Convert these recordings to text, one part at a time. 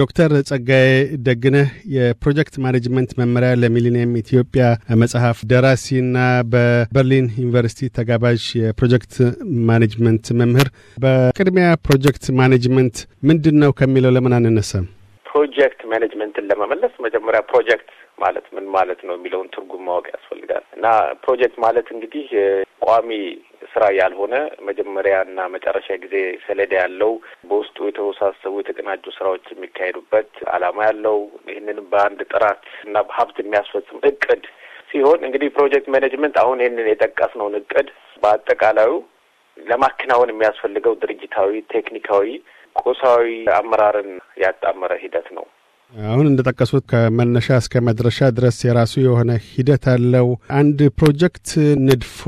ዶክተር ጸጋዬ ደግነህ የፕሮጀክት ማኔጅመንት መመሪያ ለሚሊኒየም ኢትዮጵያ መጽሐፍ ደራሲና በበርሊን ዩኒቨርሲቲ ተጋባዥ የፕሮጀክት ማኔጅመንት መምህር። በቅድሚያ ፕሮጀክት ማኔጅመንት ምንድን ነው ከሚለው ለምን አንነሳም? ፕሮጀክት ማኔጅመንትን ለመመለስ መጀመሪያ ፕሮጀክት ማለት ምን ማለት ነው የሚለውን ትርጉም ማወቅ ያስፈልጋል እና ፕሮጀክት ማለት እንግዲህ ቋሚ ስራ ያልሆነ መጀመሪያና መጨረሻ ጊዜ ሰሌዳ ያለው በውስጡ የተወሳሰቡ የተቀናጁ ስራዎች የሚካሄዱበት አላማ ያለው ይህንን በአንድ ጥራት እና በሀብት የሚያስፈጽም እቅድ ሲሆን እንግዲህ ፕሮጀክት ማኔጅመንት አሁን ይህንን የጠቀስነውን እቅድ በአጠቃላዩ ለማከናወን የሚያስፈልገው ድርጅታዊ፣ ቴክኒካዊ፣ ቁሳዊ አመራርን ያጣመረ ሂደት ነው። አሁን እንደጠቀሱት ከመነሻ እስከ መድረሻ ድረስ የራሱ የሆነ ሂደት አለው። አንድ ፕሮጀክት ንድፎ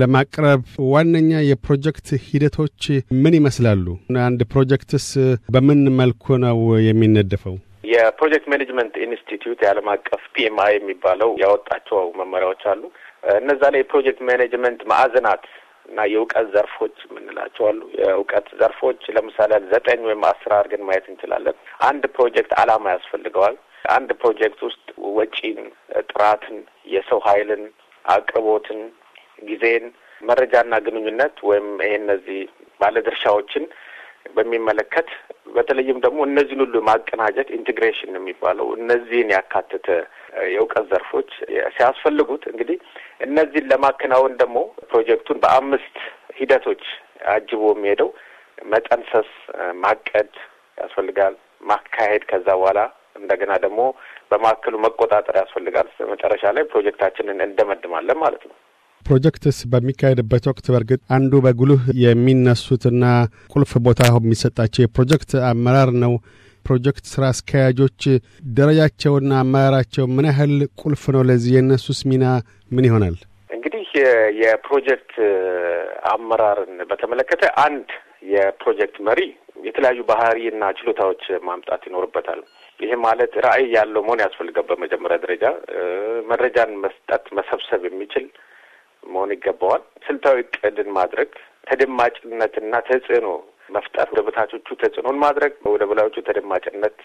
ለማቅረብ ዋነኛ የፕሮጀክት ሂደቶች ምን ይመስላሉ? አንድ ፕሮጀክትስ በምን መልኩ ነው የሚነደፈው? የፕሮጀክት ማኔጅመንት ኢንስቲትዩት የዓለም አቀፍ ፒኤምአይ የሚባለው ያወጣቸው መመሪያዎች አሉ። እነዛ ላይ የፕሮጀክት ማኔጅመንት ማዕዘናት እና የእውቀት ዘርፎች የምንላቸው አሉ። የእውቀት ዘርፎች ለምሳሌ ዘጠኝ ወይም አስር አድርገን ማየት እንችላለን። አንድ ፕሮጀክት አላማ ያስፈልገዋል። አንድ ፕሮጀክት ውስጥ ወጪን፣ ጥራትን፣ የሰው ኃይልን፣ አቅርቦትን፣ ጊዜን፣ መረጃና ግንኙነት ወይም ይሄ እነዚህ ባለድርሻዎችን በሚመለከት በተለይም ደግሞ እነዚህን ሁሉ ማቀናጀት ኢንቴግሬሽን የሚባለው እነዚህን ያካተተ የእውቀት ዘርፎች ሲያስፈልጉት እንግዲህ እነዚህን ለማከናወን ደግሞ ፕሮጀክቱን በአምስት ሂደቶች አጅቦ የሚሄደው መጠንሰስ፣ ማቀድ ያስፈልጋል። ማካሄድ ከዛ በኋላ እንደገና ደግሞ በማዕከሉ መቆጣጠር ያስፈልጋል። መጨረሻ ላይ ፕሮጀክታችንን እንደመድማለን ማለት ነው። ፕሮጀክትስ በሚካሄድበት ወቅት በእርግጥ አንዱ በጉልህ የሚነሱትና ቁልፍ ቦታ የሚሰጣቸው የፕሮጀክት አመራር ነው። ፕሮጀክት ስራ አስኪያጆች ደረጃቸውና አመራራቸው ምን ያህል ቁልፍ ነው? ለዚህ የእነሱስ ሚና ምን ይሆናል? እንግዲህ የፕሮጀክት አመራርን በተመለከተ አንድ የፕሮጀክት መሪ የተለያዩ ባህሪና ችሎታዎች ማምጣት ይኖርበታል። ይሄ ማለት ራዕይ ያለው መሆን ያስፈልገው በመጀመሪያ ደረጃ መረጃን መስጠት መሰብሰብ የሚችል መሆን ይገባዋል። ስልታዊ እቅድን ማድረግ ተደማጭነትና ተጽዕኖ መፍጠር፣ ወደ በታቾቹ ተጽዕኖን ማድረግ፣ ወደ በላዮቹ ተደማጭነት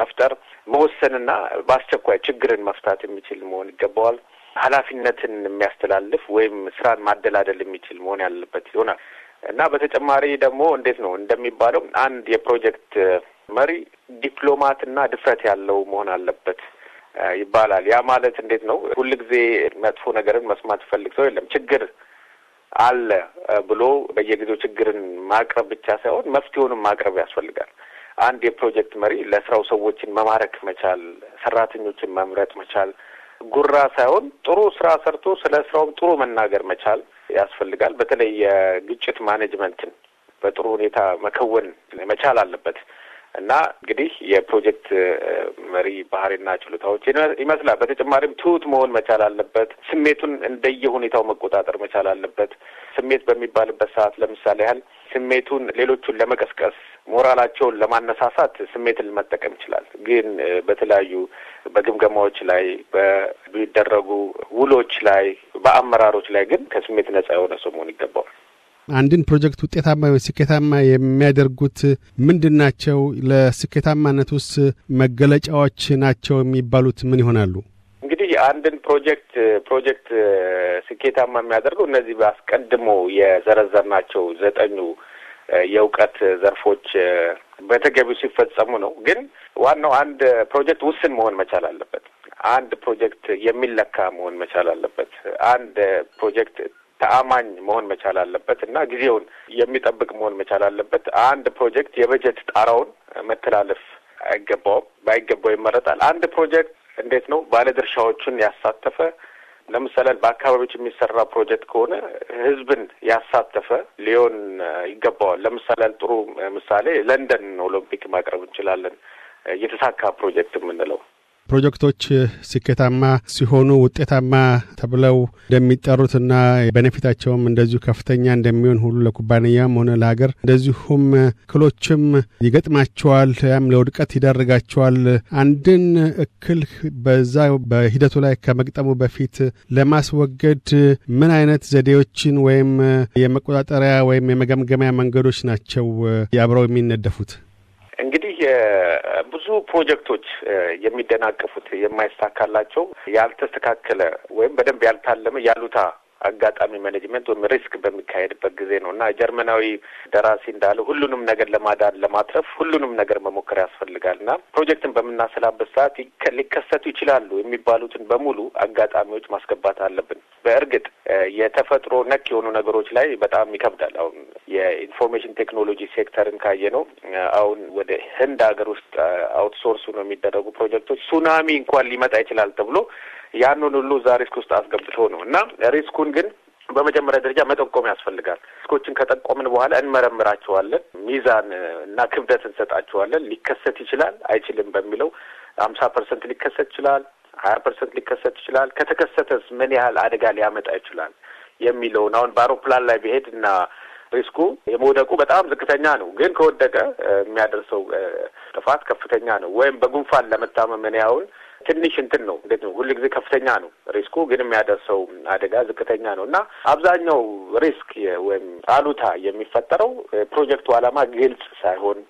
መፍጠር፣ መወሰንና በአስቸኳይ ችግርን መፍታት የሚችል መሆን ይገባዋል። ኃላፊነትን የሚያስተላልፍ ወይም ስራን ማደላደል የሚችል መሆን ያለበት ይሆናል እና በተጨማሪ ደግሞ እንዴት ነው እንደሚባለው አንድ የፕሮጀክት መሪ ዲፕሎማትና ድፍረት ያለው መሆን አለበት ይባላል። ያ ማለት እንዴት ነው? ሁልጊዜ መጥፎ ነገርን መስማት ይፈልግ ሰው የለም ችግር አለ ብሎ በየጊዜው ችግርን ማቅረብ ብቻ ሳይሆን መፍትሄውንም ማቅረብ ያስፈልጋል። አንድ የፕሮጀክት መሪ ለስራው ሰዎችን መማረክ መቻል፣ ሰራተኞችን መምረጥ መቻል፣ ጉራ ሳይሆን ጥሩ ስራ ሰርቶ ስለ ስራውም ጥሩ መናገር መቻል ያስፈልጋል። በተለይ የግጭት ማኔጅመንትን በጥሩ ሁኔታ መከወን መቻል አለበት። እና እንግዲህ የፕሮጀክት መሪ ባህሪና ችሎታዎች ይመስላል። በተጨማሪም ትሁት መሆን መቻል አለበት። ስሜቱን እንደየ ሁኔታው መቆጣጠር መቻል አለበት። ስሜት በሚባልበት ሰዓት ለምሳሌ ያህል ስሜቱን ሌሎቹን ለመቀስቀስ ሞራላቸውን ለማነሳሳት ስሜትን መጠቀም ይችላል። ግን በተለያዩ በግምገማዎች ላይ በሚደረጉ ውሎች ላይ በአመራሮች ላይ ግን ከስሜት ነጻ የሆነ ሰው መሆን ይገባዋል። አንድን ፕሮጀክት ውጤታማ ወይም ስኬታማ የሚያደርጉት ምንድን ናቸው? ለስኬታማነት መገለጫዎች ናቸው የሚባሉት ምን ይሆናሉ? እንግዲህ አንድን ፕሮጀክት ፕሮጀክት ስኬታማ የሚያደርገው እነዚህ በአስቀድሞ የዘረዘርናቸው ዘጠኙ የእውቀት ዘርፎች በተገቢው ሲፈጸሙ ነው። ግን ዋናው አንድ ፕሮጀክት ውስን መሆን መቻል አለበት። አንድ ፕሮጀክት የሚለካ መሆን መቻል አለበት። አንድ ፕሮጀክት ተአማኝ መሆን መቻል አለበት እና ጊዜውን የሚጠብቅ መሆን መቻል አለበት። አንድ ፕሮጀክት የበጀት ጣራውን መተላለፍ አይገባውም። ባይገባው ይመረጣል። አንድ ፕሮጀክት እንዴት ነው ባለድርሻዎችን ያሳተፈ ለምሳሌ በአካባቢዎች የሚሰራ ፕሮጀክት ከሆነ ህዝብን ያሳተፈ ሊሆን ይገባዋል። ለምሳሌ ጥሩ ምሳሌ ለንደን ኦሎምፒክ ማቅረብ እንችላለን። የተሳካ ፕሮጀክት የምንለው ፕሮጀክቶች ስኬታማ ሲሆኑ ውጤታማ ተብለው እንደሚጠሩትና በነፊታቸውም እንደዚሁ ከፍተኛ እንደሚሆን ሁሉ ለኩባንያም ሆነ ለሀገር እንደዚሁም እክሎችም ይገጥማቸዋል፣ ያም ለውድቀት ይዳርጋቸዋል። አንድን እክል በዛ በሂደቱ ላይ ከመግጠሙ በፊት ለማስወገድ ምን አይነት ዘዴዎችን ወይም የመቆጣጠሪያ ወይም የመገምገሚያ መንገዶች ናቸው አብረው የሚነደፉት? እንግዲህ ብዙ ፕሮጀክቶች የሚደናቀፉት የማይሳካላቸው ያልተስተካከለ ወይም በደንብ ያልታለመ ያሉታ አጋጣሚ ማኔጅመንት ወይም ሪስክ በሚካሄድበት ጊዜ ነው እና ጀርመናዊ ደራሲ እንዳለ ሁሉንም ነገር ለማዳን ለማትረፍ ሁሉንም ነገር መሞከር ያስፈልጋል እና ፕሮጀክትን በምናሰላበት ሰዓት ሊከሰቱ ይችላሉ የሚባሉትን በሙሉ አጋጣሚዎች ማስገባት አለብን። በእርግጥ የተፈጥሮ ነክ የሆኑ ነገሮች ላይ በጣም ይከብዳል። አሁን የኢንፎርሜሽን ቴክኖሎጂ ሴክተርን ካየ ነው አሁን ወደ ህንድ ሀገር ውስጥ አውትሶርሱ ነው የሚደረጉ ፕሮጀክቶች ሱናሚ እንኳን ሊመጣ ይችላል ተብሎ ያንን ሁሉ እዛ ሪስክ ውስጥ አስገብቶ ነው እና ሪስኩን ግን በመጀመሪያ ደረጃ መጠቆም ያስፈልጋል። ሪስኮችን ከጠቆምን በኋላ እንመረምራቸዋለን፣ ሚዛን እና ክብደት እንሰጣቸዋለን። ሊከሰት ይችላል አይችልም በሚለው ሀምሳ ፐርሰንት ሊከሰት ይችላል፣ ሀያ ፐርሰንት ሊከሰት ይችላል፣ ከተከሰተስ ምን ያህል አደጋ ሊያመጣ ይችላል የሚለውን አሁን በአውሮፕላን ላይ ብሄድ እና ሪስኩ የመውደቁ በጣም ዝቅተኛ ነው፣ ግን ከወደቀ የሚያደርሰው ጥፋት ከፍተኛ ነው። ወይም በጉንፋን ለመታመም እኔ አሁን ትንሽ እንትን ነው እንዴት ነው ጊዜ ከፍተኛ ነው ሪስኩ፣ ግን የሚያደርሰው አደጋ ዝቅተኛ ነው እና አብዛኛው ሪስክ ወይም አሉታ የሚፈጠረው ፕሮጀክቱ ዓላማ ግልጽ ሳይሆን፣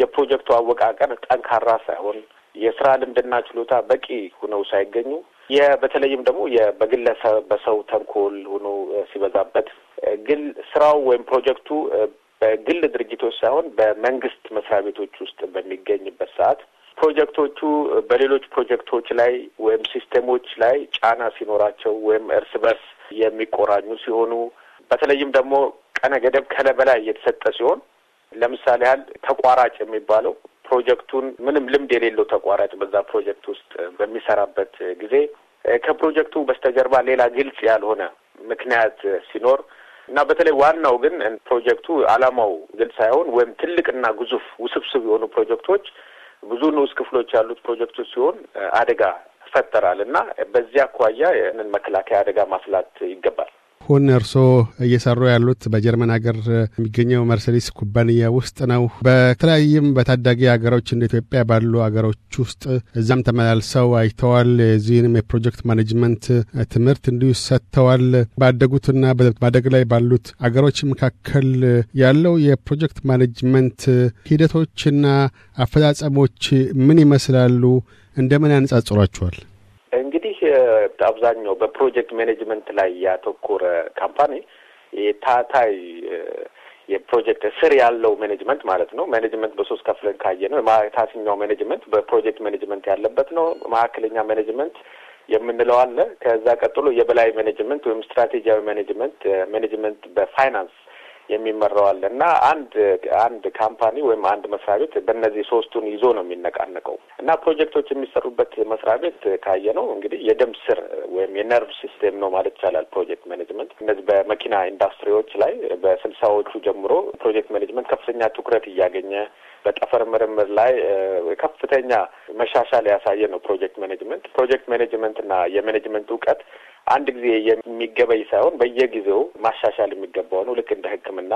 የፕሮጀክቱ አወቃቀር ጠንካራ ሳይሆን፣ የስራ ልምድና ችሎታ በቂ ሆነው ሳይገኙ በተለይም ደግሞ በግለሰብ በሰው ተንኮል ሆኖ ሲበዛበት ግል ስራው ወይም ፕሮጀክቱ በግል ድርጅቶች ሳይሆን በመንግስት መስሪያ ቤቶች ውስጥ በሚገኝበት ሰዓት ፕሮጀክቶቹ በሌሎች ፕሮጀክቶች ላይ ወይም ሲስተሞች ላይ ጫና ሲኖራቸው ወይም እርስ በርስ የሚቆራኙ ሲሆኑ በተለይም ደግሞ ቀነ ገደብ ከለ በላይ እየተሰጠ ሲሆን ለምሳሌ ያህል ተቋራጭ የሚባለው ፕሮጀክቱን ምንም ልምድ የሌለው ተቋራጭ በዛ ፕሮጀክት ውስጥ በሚሰራበት ጊዜ ከፕሮጀክቱ በስተጀርባ ሌላ ግልጽ ያልሆነ ምክንያት ሲኖር እና በተለይ ዋናው ግን ፕሮጀክቱ ዓላማው ግልጽ ሳይሆን ወይም ትልቅና ግዙፍ ውስብስብ የሆኑ ፕሮጀክቶች ብዙ ንዑስ ክፍሎች ያሉት ፕሮጀክቶ ሲሆን አደጋ ይፈጠራል እና በዚህ አኳያ ይህንን መከላከያ አደጋ ማስላት ይገባል። አሁን እርስዎ እየሰሩ ያሉት በጀርመን ሀገር የሚገኘው መርሴዲስ ኩባንያ ውስጥ ነው። በተለያይም በታዳጊ ሀገሮች እንደ ኢትዮጵያ ባሉ ሀገሮች ውስጥ እዛም ተመላልሰው አይተዋል። የዚህንም የፕሮጀክት ማኔጅመንት ትምህርት እንዲሁ ሰጥተዋል። ባደጉትና በማደግ ላይ ባሉት አገሮች መካከል ያለው የፕሮጀክት ማኔጅመንት ሂደቶችና አፈጻጸሞች ምን ይመስላሉ? እንደምን ያነጻጽሯቸዋል? አብዛኛው በፕሮጀክት ሜኔጅመንት ላይ ያተኮረ ካምፓኒ የታታይ የፕሮጀክት ስር ያለው ሜኔጅመንት ማለት ነው። ሜኔጅመንት በሶስት ከፍለን ካየ ነው ታችኛው ሜኔጅመንት በፕሮጀክት ሜኔጅመንት ያለበት ነው። መካከለኛ ሜኔጅመንት የምንለው አለ። ከዛ ቀጥሎ የበላይ ሜኔጅመንት ወይም ስትራቴጂያዊ ሜኔጅመንት፣ ሜኔጅመንት በፋይናንስ የሚመራው አለ እና አንድ አንድ ካምፓኒ ወይም አንድ መስሪያ ቤት በእነዚህ ሶስቱን ይዞ ነው የሚነቃነቀው እና ፕሮጀክቶች የሚሰሩበት መስሪያ ቤት ካየ ነው እንግዲህ የደም ስር ወይም የነርቭ ሲስቴም ነው ማለት ይቻላል። ፕሮጀክት ማኔጅመንት እነዚህ በመኪና ኢንዱስትሪዎች ላይ በስልሳዎቹ ጀምሮ ፕሮጀክት ማኔጅመንት ከፍተኛ ትኩረት እያገኘ በጠፈር ምርምር ላይ ከፍተኛ መሻሻል ያሳየ ነው ፕሮጀክት ማኔጅመንት ፕሮጀክት እና የማኔጅመንት እውቀት አንድ ጊዜ የሚገበይ ሳይሆን በየጊዜው ማሻሻል የሚገባው ነው። ልክ እንደ ሕክምና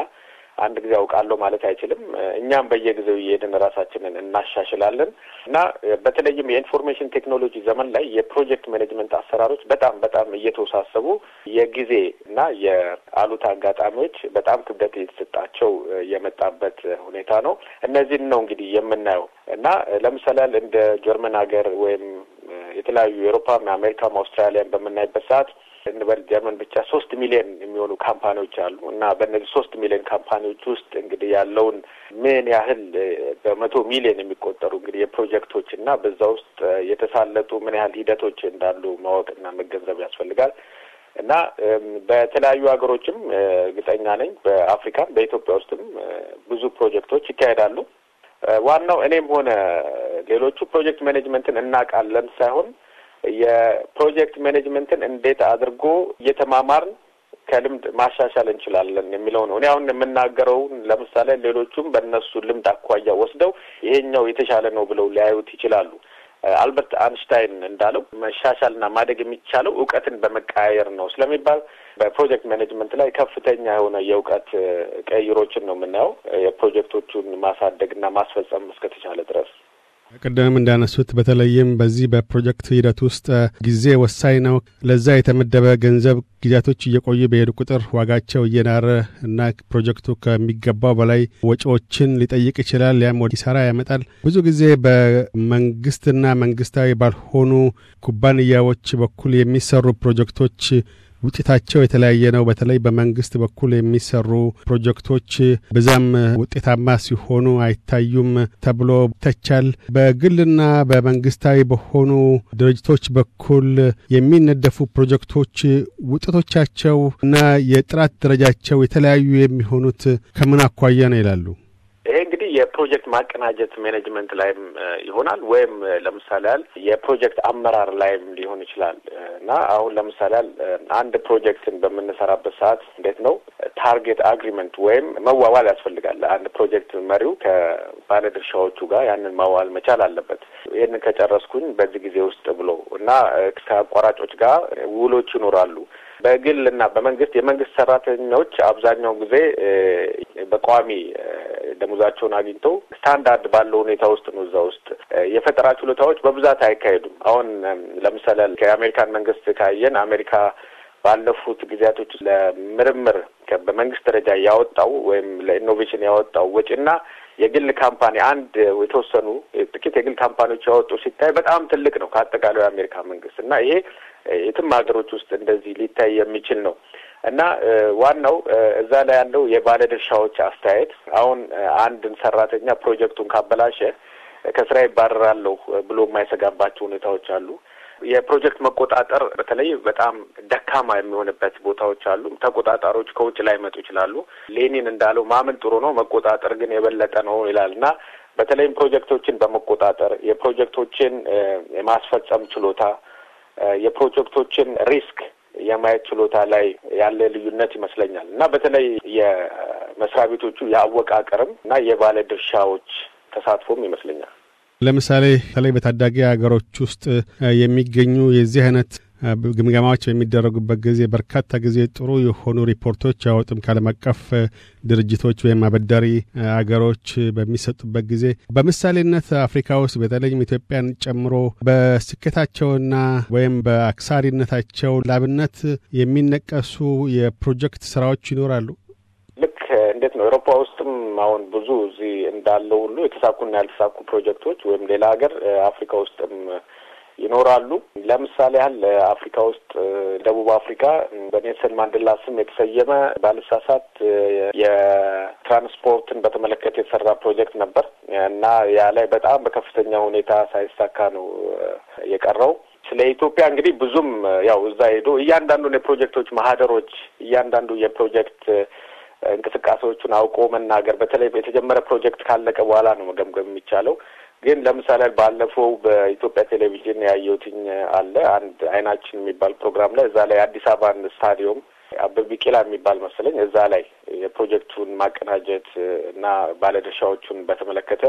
አንድ ጊዜ አውቃለሁ ማለት አይችልም። እኛም በየጊዜው እየሄድን ራሳችንን እናሻሽላለን እና በተለይም የኢንፎርሜሽን ቴክኖሎጂ ዘመን ላይ የፕሮጀክት ማኔጅመንት አሰራሮች በጣም በጣም እየተወሳሰቡ የጊዜ እና የአሉታ አጋጣሚዎች በጣም ክብደት እየተሰጣቸው የመጣበት ሁኔታ ነው። እነዚህን ነው እንግዲህ የምናየው እና ለምሳሌ እንደ ጀርመን ሀገር ወይም የተለያዩ የአውሮፓም የአሜሪካም አውስትራሊያን በምናይበት ሰዓት እንበል ጀርመን ብቻ ሶስት ሚሊዮን የሚሆኑ ካምፓኒዎች አሉ እና በእነዚህ ሶስት ሚሊዮን ካምፓኒዎች ውስጥ እንግዲህ ያለውን ምን ያህል በመቶ ሚሊዮን የሚቆጠሩ እንግዲህ የፕሮጀክቶች እና በዛ ውስጥ የተሳለጡ ምን ያህል ሂደቶች እንዳሉ ማወቅና መገንዘብ ያስፈልጋል እና በተለያዩ ሀገሮችም እርግጠኛ ነኝ በአፍሪካም በኢትዮጵያ ውስጥም ብዙ ፕሮጀክቶች ይካሄዳሉ። ዋናው እኔም ሆነ ሌሎቹ ፕሮጀክት ማኔጅመንትን እናውቃለን ሳይሆን የፕሮጀክት ማኔጅመንትን እንዴት አድርጎ እየተማማርን ከልምድ ማሻሻል እንችላለን የሚለው ነው። እኔ አሁን የምናገረውን ለምሳሌ ሌሎቹም በእነሱ ልምድ አኳያ ወስደው ይሄኛው የተሻለ ነው ብለው ሊያዩት ይችላሉ። አልበርት አንስታይን እንዳለው መሻሻልና ማደግ የሚቻለው እውቀትን በመቀያየር ነው ስለሚባል በፕሮጀክት ማኔጅመንት ላይ ከፍተኛ የሆነ የእውቀት ቀይሮችን ነው የምናየው የፕሮጀክቶቹን ማሳደግና ማስፈጸም እስከተቻለ ድረስ ቅድም እንዳነሱት በተለይም በዚህ በፕሮጀክት ሂደት ውስጥ ጊዜ ወሳኝ ነው። ለዛ የተመደበ ገንዘብ ጊዜያቶች እየቆዩ በሄዱ ቁጥር ዋጋቸው እየናረ እና ፕሮጀክቱ ከሚገባው በላይ ወጪዎችን ሊጠይቅ ይችላል። ያም ወዲሰራ ያመጣል። ብዙ ጊዜ በመንግስትና መንግስታዊ ባልሆኑ ኩባንያዎች በኩል የሚሰሩ ፕሮጀክቶች ውጤታቸው የተለያየ ነው። በተለይ በመንግስት በኩል የሚሰሩ ፕሮጀክቶች ብዛም ውጤታማ ሲሆኑ አይታዩም ተብሎ ይተቻል። በግልና በመንግስታዊ በሆኑ ድርጅቶች በኩል የሚነደፉ ፕሮጀክቶች ውጤቶቻቸው እና የጥራት ደረጃቸው የተለያዩ የሚሆኑት ከምን አኳያ ነው ይላሉ? የፕሮጀክት ማቀናጀት ሜኔጅመንት ላይም ይሆናል ወይም ለምሳሌ ያህል የፕሮጀክት አመራር ላይም ሊሆን ይችላል እና አሁን ለምሳሌ ያህል አንድ ፕሮጀክትን በምንሰራበት ሰዓት እንዴት ነው ታርጌት አግሪመንት ወይም መዋዋል ያስፈልጋል። አንድ ፕሮጀክት መሪው ከባለድርሻዎቹ ጋር ያንን ማዋል መቻል አለበት። ይህንን ከጨረስኩኝ በዚህ ጊዜ ውስጥ ብሎ እና ከአቋራጮች ጋር ውሎች ይኖራሉ። በግል እና በመንግስት የመንግስት ሰራተኞች አብዛኛው ጊዜ በቋሚ ደሞዛቸውን አግኝተው ስታንዳርድ ባለው ሁኔታ ውስጥ ነው። እዛ ውስጥ የፈጠራ ችሎታዎች በብዛት አይካሄዱም። አሁን ለምሳሌ ከአሜሪካን መንግስት ካየን አሜሪካ ባለፉት ጊዜያቶች ለምርምር በመንግስት ደረጃ ያወጣው ወይም ለኢኖቬሽን ያወጣው ወጪና የግል ካምፓኒ አንድ የተወሰኑ ጥቂት የግል ካምፓኒዎች ያወጡ ሲታይ በጣም ትልቅ ነው ከአጠቃላይ የአሜሪካ መንግስት እና ይሄ የትም ሀገሮች ውስጥ እንደዚህ ሊታይ የሚችል ነው እና ዋናው እዛ ላይ ያለው የባለድርሻዎች አስተያየት አሁን አንድን ሰራተኛ ፕሮጀክቱን ካበላሸ ከስራ ይባረራለሁ ብሎ የማይሰጋባቸው ሁኔታዎች አሉ። የፕሮጀክት መቆጣጠር በተለይ በጣም ደካማ የሚሆንበት ቦታዎች አሉ። ተቆጣጣሪዎች ከውጭ ላይ መጡ ይችላሉ። ሌኒን እንዳለው ማመን ጥሩ ነው፣ መቆጣጠር ግን የበለጠ ነው ይላል እና በተለይም ፕሮጀክቶችን በመቆጣጠር የፕሮጀክቶችን የማስፈጸም ችሎታ የፕሮጀክቶችን ሪስክ የማየት ችሎታ ላይ ያለ ልዩነት ይመስለኛል እና በተለይ የመስሪያ ቤቶቹ የአወቃቀርም እና ድርሻዎች ተሳትፎም ይመስለኛል። ለምሳሌ በተለይ በታዳጊ ሀገሮች ውስጥ የሚገኙ የዚህ አይነት ግምገማዎች በሚደረጉበት ጊዜ በርካታ ጊዜ ጥሩ የሆኑ ሪፖርቶች አወጡም ከዓለም አቀፍ ድርጅቶች ወይም አበዳሪ አገሮች በሚሰጡበት ጊዜ በምሳሌነት አፍሪካ ውስጥ በተለይም ኢትዮጵያን ጨምሮ በስኬታቸውና ወይም በአክሳሪነታቸው ላብነት የሚነቀሱ የፕሮጀክት ስራዎች ይኖራሉ። ልክ እንዴት ነው ኤሮፓ ውስጥም አሁን ብዙ እዚህ እንዳለው ሁሉ የተሳኩና ያልተሳኩ ፕሮጀክቶች ወይም ሌላ ሀገር አፍሪካ ውስጥም ይኖራሉ። ለምሳሌ ያህል አፍሪካ ውስጥ ደቡብ አፍሪካ በኔልሰን ማንደላ ስም የተሰየመ ባልሳሳት የትራንስፖርትን በተመለከተ የተሰራ ፕሮጀክት ነበር እና ያ ላይ በጣም በከፍተኛ ሁኔታ ሳይሳካ ነው የቀረው። ስለ ኢትዮጵያ እንግዲህ ብዙም ያው እዛ ሄዶ እያንዳንዱን የፕሮጀክቶች ማህደሮች እያንዳንዱ የፕሮጀክት እንቅስቃሴዎቹን አውቆ መናገር በተለይ የተጀመረ ፕሮጀክት ካለቀ በኋላ ነው መገምገም የሚቻለው። ግን ለምሳሌ ባለፈው በኢትዮጵያ ቴሌቪዥን ያየሁትኝ አለ አንድ አይናችን የሚባል ፕሮግራም ላይ እዛ ላይ አዲስ አበባን ስታዲየም አበበ ቢቂላ የሚባል መሰለኝ እዛ ላይ የፕሮጀክቱን ማቀናጀት እና ባለድርሻዎቹን በተመለከተ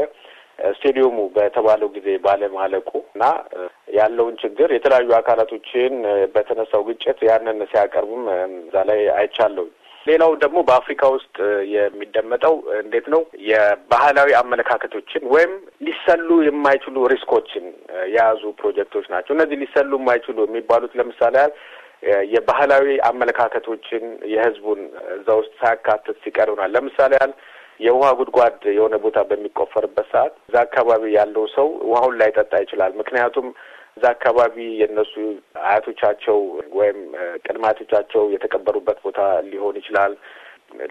ስቴዲየሙ በተባለው ጊዜ ባለማለቁ እና ያለውን ችግር የተለያዩ አካላቶችን በተነሳው ግጭት ያንን ሲያቀርቡም እዛ ላይ አይቻለሁ። ሌላው ደግሞ በአፍሪካ ውስጥ የሚደመጠው እንዴት ነው የባህላዊ አመለካከቶችን ወይም ሊሰሉ የማይችሉ ሪስኮችን የያዙ ፕሮጀክቶች ናቸው። እነዚህ ሊሰሉ የማይችሉ የሚባሉት ለምሳሌ ያህል የባህላዊ አመለካከቶችን የህዝቡን እዛ ውስጥ ሳያካትት ሲቀር ይሆናል። ለምሳሌ ያህል የውሃ ጉድጓድ የሆነ ቦታ በሚቆፈርበት ሰዓት እዛ አካባቢ ያለው ሰው ውሃውን ላይጠጣ ይችላል። ምክንያቱም እዛ አካባቢ የነሱ አያቶቻቸው ወይም ቅድመ አያቶቻቸው የተቀበሩበት ቦታ ሊሆን ይችላል።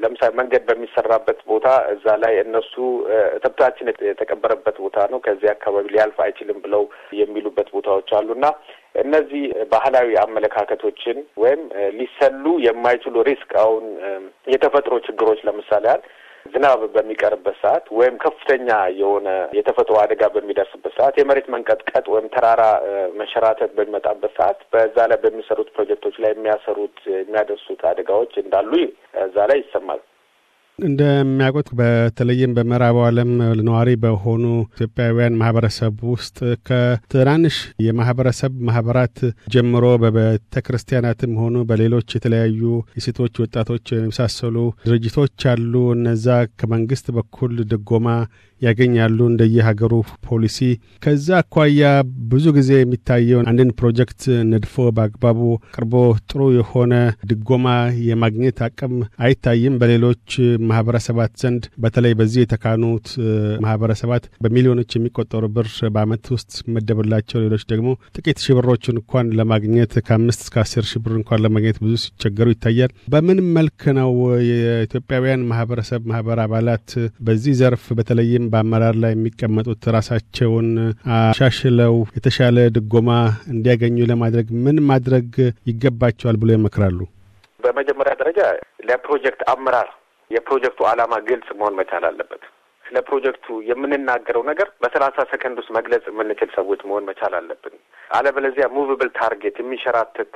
ለምሳሌ መንገድ በሚሰራበት ቦታ እዛ ላይ እነሱ እትብታችን የተቀበረበት ቦታ ነው፣ ከዚህ አካባቢ ሊያልፍ አይችልም ብለው የሚሉበት ቦታዎች አሉ እና እነዚህ ባህላዊ አመለካከቶችን ወይም ሊሰሉ የማይችሉ ሪስክ አሁን የተፈጥሮ ችግሮች ለምሳሌ ያህል ዝናብ በሚቀርበት ሰዓት ወይም ከፍተኛ የሆነ የተፈጥሮ አደጋ በሚደርስበት ሰዓት የመሬት መንቀጥቀጥ ወይም ተራራ መሸራተት በሚመጣበት ሰዓት በዛ ላይ በሚሰሩት ፕሮጀክቶች ላይ የሚያሰሩት የሚያደርሱት አደጋዎች እንዳሉ እዛ ላይ ይሰማል። እንደሚያውቁት በተለይም በምዕራቡ ዓለም ነዋሪ በሆኑ ኢትዮጵያውያን ማህበረሰብ ውስጥ ከትናንሽ የማህበረሰብ ማህበራት ጀምሮ በቤተ ክርስቲያናትም ሆኑ በሌሎች የተለያዩ የሴቶች ወጣቶች የመሳሰሉ ድርጅቶች አሉ። እነዛ ከመንግስት በኩል ድጎማ ያገኛሉ እንደየሀገሩ ፖሊሲ። ከዛ አኳያ ብዙ ጊዜ የሚታየውን አንድን ፕሮጀክት ነድፎ በአግባቡ ቅርቦ ጥሩ የሆነ ድጎማ የማግኘት አቅም አይታይም በሌሎች ማህበረሰባት ዘንድ። በተለይ በዚህ የተካኑት ማህበረሰባት በሚሊዮኖች የሚቆጠሩ ብር በአመት ውስጥ መደብላቸው፣ ሌሎች ደግሞ ጥቂት ሽብሮች እንኳን ለማግኘት ከአምስት እስከ አስር ሽብር ብር እንኳን ለማግኘት ብዙ ሲቸገሩ ይታያል። በምን መልክ ነው የኢትዮጵያውያን ማህበረሰብ ማህበር አባላት በዚህ ዘርፍ በተለይም በአመራር ላይ የሚቀመጡት ራሳቸውን አሻሽለው የተሻለ ድጎማ እንዲያገኙ ለማድረግ ምን ማድረግ ይገባቸዋል ብሎ ይመክራሉ? በመጀመሪያ ደረጃ ለፕሮጀክት አመራር የፕሮጀክቱ ዓላማ ግልጽ መሆን መቻል አለበት። ስለ ፕሮጀክቱ የምንናገረው ነገር በሰላሳ ሰከንድ ውስጥ መግለጽ የምንችል ሰዎች መሆን መቻል አለብን። አለበለዚያ ሙቭብል ታርጌት የሚሸራትት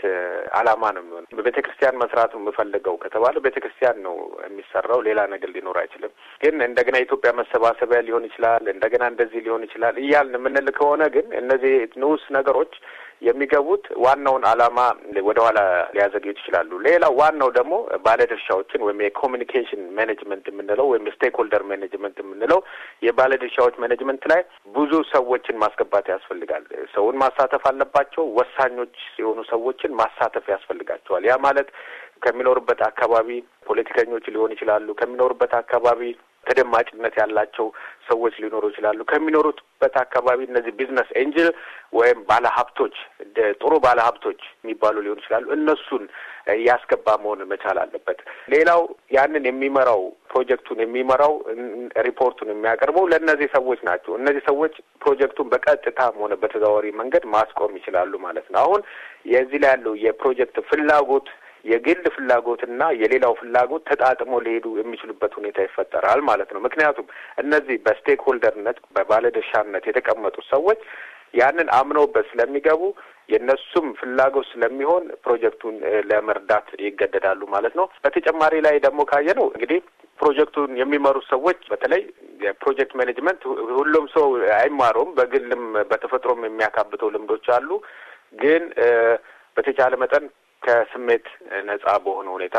አላማ ነው የሚሆን። ቤተ ክርስቲያን መስራት የምፈልገው ከተባለ ቤተ ክርስቲያን ነው የሚሰራው። ሌላ ነገር ሊኖር አይችልም። ግን እንደገና የኢትዮጵያ መሰባሰቢያ ሊሆን ይችላል፣ እንደገና እንደዚህ ሊሆን ይችላል እያልን የምንል ከሆነ ግን እነዚህ ንዑስ ነገሮች የሚገቡት ዋናውን ዓላማ ወደኋላ ሊያዘግዩት ይችላሉ። ሌላው ዋናው ደግሞ ባለድርሻዎችን ወይም የኮሚኒኬሽን ማኔጅመንት የምንለው ወይም የስቴክሆልደር ማኔጅመንት የምንለው የባለድርሻዎች ማኔጅመንት ላይ ብዙ ሰዎችን ማስገባት ያስፈልጋል። ሰውን ማሳተፍ አለባቸው። ወሳኞች የሆኑ ሰዎችን ማሳተፍ ያስፈልጋቸዋል። ያ ማለት ከሚኖርበት አካባቢ ፖለቲከኞች ሊሆን ይችላሉ። ከሚኖርበት አካባቢ ተደማጭነት ያላቸው ሰዎች ሊኖሩ ይችላሉ። ከሚኖሩበት አካባቢ እነዚህ ቢዝነስ ኤንጅል ወይም ባለሀብቶች ጥሩ ባለሀብቶች የሚባሉ ሊሆኑ ይችላሉ። እነሱን ያስገባ መሆን መቻል አለበት። ሌላው ያንን የሚመራው ፕሮጀክቱን የሚመራው ሪፖርቱን የሚያቀርበው ለእነዚህ ሰዎች ናቸው። እነዚህ ሰዎች ፕሮጀክቱን በቀጥታ ሆነ በተዘዋዋሪ መንገድ ማስቆም ይችላሉ ማለት ነው። አሁን የዚህ ላይ ያለው የፕሮጀክት ፍላጎት የግል ፍላጎትና የሌላው ፍላጎት ተጣጥሞ ሊሄዱ የሚችሉበት ሁኔታ ይፈጠራል ማለት ነው። ምክንያቱም እነዚህ በስቴክ ሆልደርነት በባለድርሻነት የተቀመጡ ሰዎች ያንን አምነውበት ስለሚገቡ የእነሱም ፍላጎት ስለሚሆን ፕሮጀክቱን ለመርዳት ይገደዳሉ ማለት ነው። በተጨማሪ ላይ ደግሞ ካየነው እንግዲህ ፕሮጀክቱን የሚመሩ ሰዎች በተለይ የፕሮጀክት ማኔጅመንት ሁሉም ሰው አይማረውም። በግልም በተፈጥሮም የሚያካብተው ልምዶች አሉ ግን በተቻለ መጠን ከስሜት ነጻ በሆነ ሁኔታ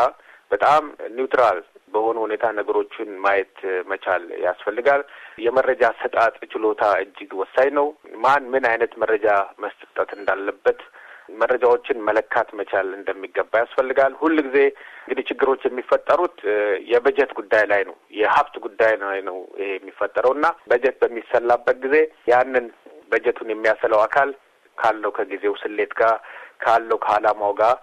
በጣም ኒውትራል በሆነ ሁኔታ ነገሮችን ማየት መቻል ያስፈልጋል። የመረጃ አሰጣጥ ችሎታ እጅግ ወሳኝ ነው። ማን ምን አይነት መረጃ መስጠት እንዳለበት መረጃዎችን መለካት መቻል እንደሚገባ ያስፈልጋል። ሁል ጊዜ እንግዲህ ችግሮች የሚፈጠሩት የበጀት ጉዳይ ላይ ነው፣ የሀብት ጉዳይ ላይ ነው ይሄ የሚፈጠረው እና በጀት በሚሰላበት ጊዜ ያንን በጀቱን የሚያሰለው አካል ካለው ከጊዜው ስሌት ጋር ካለው ከዓላማው ጋር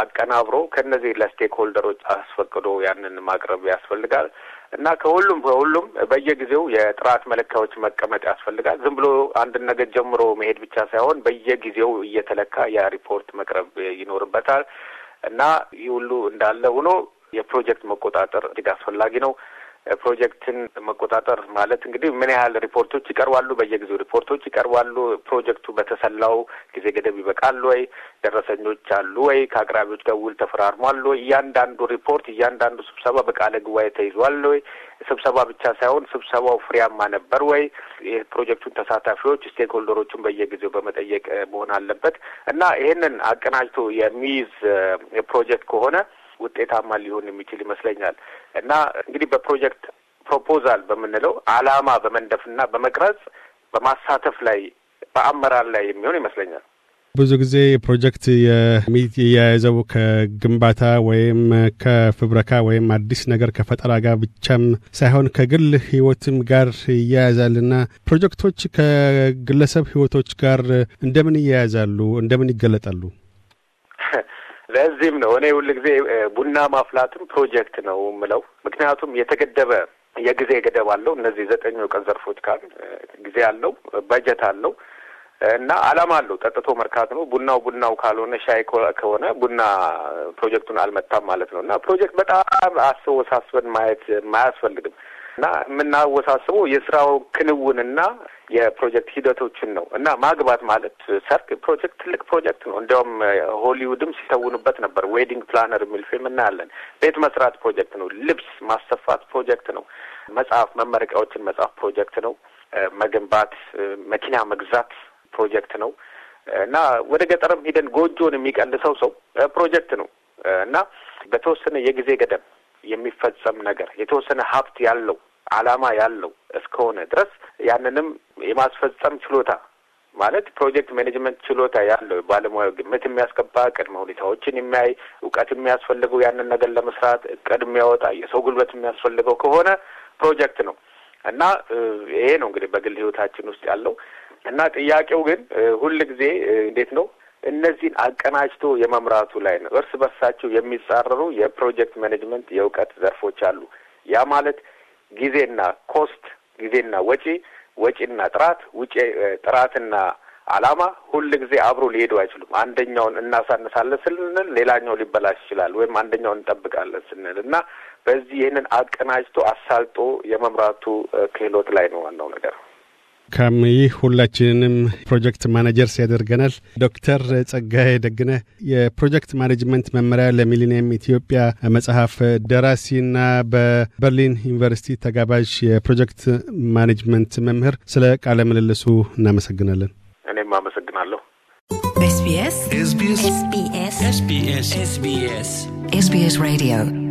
አቀናብሮ ከነዚህ ለስቴክ ሆልደሮች አስፈቅዶ ያንን ማቅረብ ያስፈልጋል እና ከሁሉም ከሁሉም በየጊዜው የጥራት መለኪያዎች መቀመጥ ያስፈልጋል። ዝም ብሎ አንድ ነገር ጀምሮ መሄድ ብቻ ሳይሆን በየጊዜው እየተለካ ያ ሪፖርት መቅረብ ይኖርበታል እና ይህ ሁሉ እንዳለ ሆኖ የፕሮጀክት መቆጣጠር እጅግ አስፈላጊ ነው። ፕሮጀክትን መቆጣጠር ማለት እንግዲህ ምን ያህል ሪፖርቶች ይቀርባሉ? በየጊዜው ሪፖርቶች ይቀርባሉ። ፕሮጀክቱ በተሰላው ጊዜ ገደብ ይበቃል ወይ? ደረሰኞች አሉ ወይ? ከአቅራቢዎች ጋር ውል ተፈራርሟል ወይ? እያንዳንዱ ሪፖርት፣ እያንዳንዱ ስብሰባ በቃለ ጉባኤ ተይዟል ወይ? ስብሰባ ብቻ ሳይሆን ስብሰባው ፍሬያማ ነበር ወይ? የፕሮጀክቱን ተሳታፊዎች ስቴክ በየጊዜው በመጠየቅ መሆን አለበት እና ይህንን አቀናጅቶ የሚይዝ ፕሮጀክት ከሆነ ውጤታማ ሊሆን የሚችል ይመስለኛል እና እንግዲህ በፕሮጀክት ፕሮፖዛል በምንለው አላማ በመንደፍና በመቅረጽ በማሳተፍ ላይ በአመራር ላይ የሚሆን ይመስለኛል። ብዙ ጊዜ ፕሮጀክት የሚያያዘው ከግንባታ ወይም ከፍብረካ ወይም አዲስ ነገር ከፈጠራ ጋር ብቻም ሳይሆን ከግል ሕይወትም ጋር ይያያዛልና ፕሮጀክቶች ከግለሰብ ሕይወቶች ጋር እንደምን ይያያዛሉ? እንደምን ይገለጣሉ? ለዚህም ነው እኔ ሁል ጊዜ ቡና ማፍላትም ፕሮጀክት ነው ምለው። ምክንያቱም የተገደበ የጊዜ ገደብ አለው። እነዚህ ዘጠኝ ቀን ዘርፎች ካል ጊዜ አለው፣ በጀት አለው እና አላማ አለው። ጠጥቶ መርካት ነው። ቡናው ቡናው ካልሆነ ሻይ ከሆነ ቡና ፕሮጀክቱን አልመታም ማለት ነው። እና ፕሮጀክት በጣም አስወሳስበን ማየት ማያስፈልግም እና የምናወሳስበው የስራው ክንውንና የፕሮጀክት ሂደቶችን ነው እና ማግባት ማለት ሰርግ ፕሮጀክት ትልቅ ፕሮጀክት ነው። እንዲያውም ሆሊውድም ሲተውኑበት ነበር። ዌዲንግ ፕላነር የሚል ፊልም እናያለን። ቤት መስራት ፕሮጀክት ነው። ልብስ ማሰፋት ፕሮጀክት ነው። መጽሐፍ መመረቂያዎችን መጽሐፍ ፕሮጀክት ነው። መገንባት፣ መኪና መግዛት ፕሮጀክት ነው እና ወደ ገጠርም ሂደን ጎጆን የሚቀልሰው ሰው ፕሮጀክት ነው እና በተወሰነ የጊዜ ገደብ የሚፈጸም ነገር የተወሰነ ሀብት ያለው አላማ ያለው እስከሆነ ድረስ ያንንም የማስፈጸም ችሎታ ማለት ፕሮጀክት ማኔጅመንት ችሎታ ያለው ባለሙያ ግምት የሚያስገባ ቅድመ ሁኔታዎችን የሚያይ እውቀት የሚያስፈልገው ያንን ነገር ለመስራት እቅድ የሚያወጣ የሰው ጉልበት የሚያስፈልገው ከሆነ ፕሮጀክት ነው እና ይሄ ነው እንግዲህ በግል ህይወታችን ውስጥ ያለው እና ጥያቄው ግን ሁል ጊዜ እንዴት ነው እነዚህን አቀናጅቶ የመምራቱ ላይ ነው። እርስ በርሳቸው የሚጻረሩ የፕሮጀክት ማኔጅመንት የእውቀት ዘርፎች አሉ። ያ ማለት ጊዜና ኮስት፣ ጊዜና ወጪ፣ ወጪና ጥራት፣ ውጪ ጥራትና አላማ ሁል ጊዜ አብሮ ሊሄዱ አይችሉም። አንደኛውን እናሳንሳለን ስንል ሌላኛው ሊበላሽ ይችላል፣ ወይም አንደኛውን እንጠብቃለን ስንል እና በዚህ ይህንን አቀናጅቶ አሳልጦ የመምራቱ ክህሎት ላይ ነው ዋናው ነገር። መልካም። ይህ ሁላችንንም ፕሮጀክት ማናጀርስ ያደርገናል። ዶክተር ጸጋዬ ደግነ የፕሮጀክት ማኔጅመንት መመሪያ ለሚሊኒየም ኢትዮጵያ መጽሐፍ ደራሲና በበርሊን ዩኒቨርሲቲ ተጋባዥ የፕሮጀክት ማኔጅመንት መምህር፣ ስለ ቃለ ምልልሱ እናመሰግናለን። እኔም አመሰግናለሁ። ኤስቢኤስ ኤስቢኤስ ኤስቢኤስ ኤስቢኤስ ሬዲዮ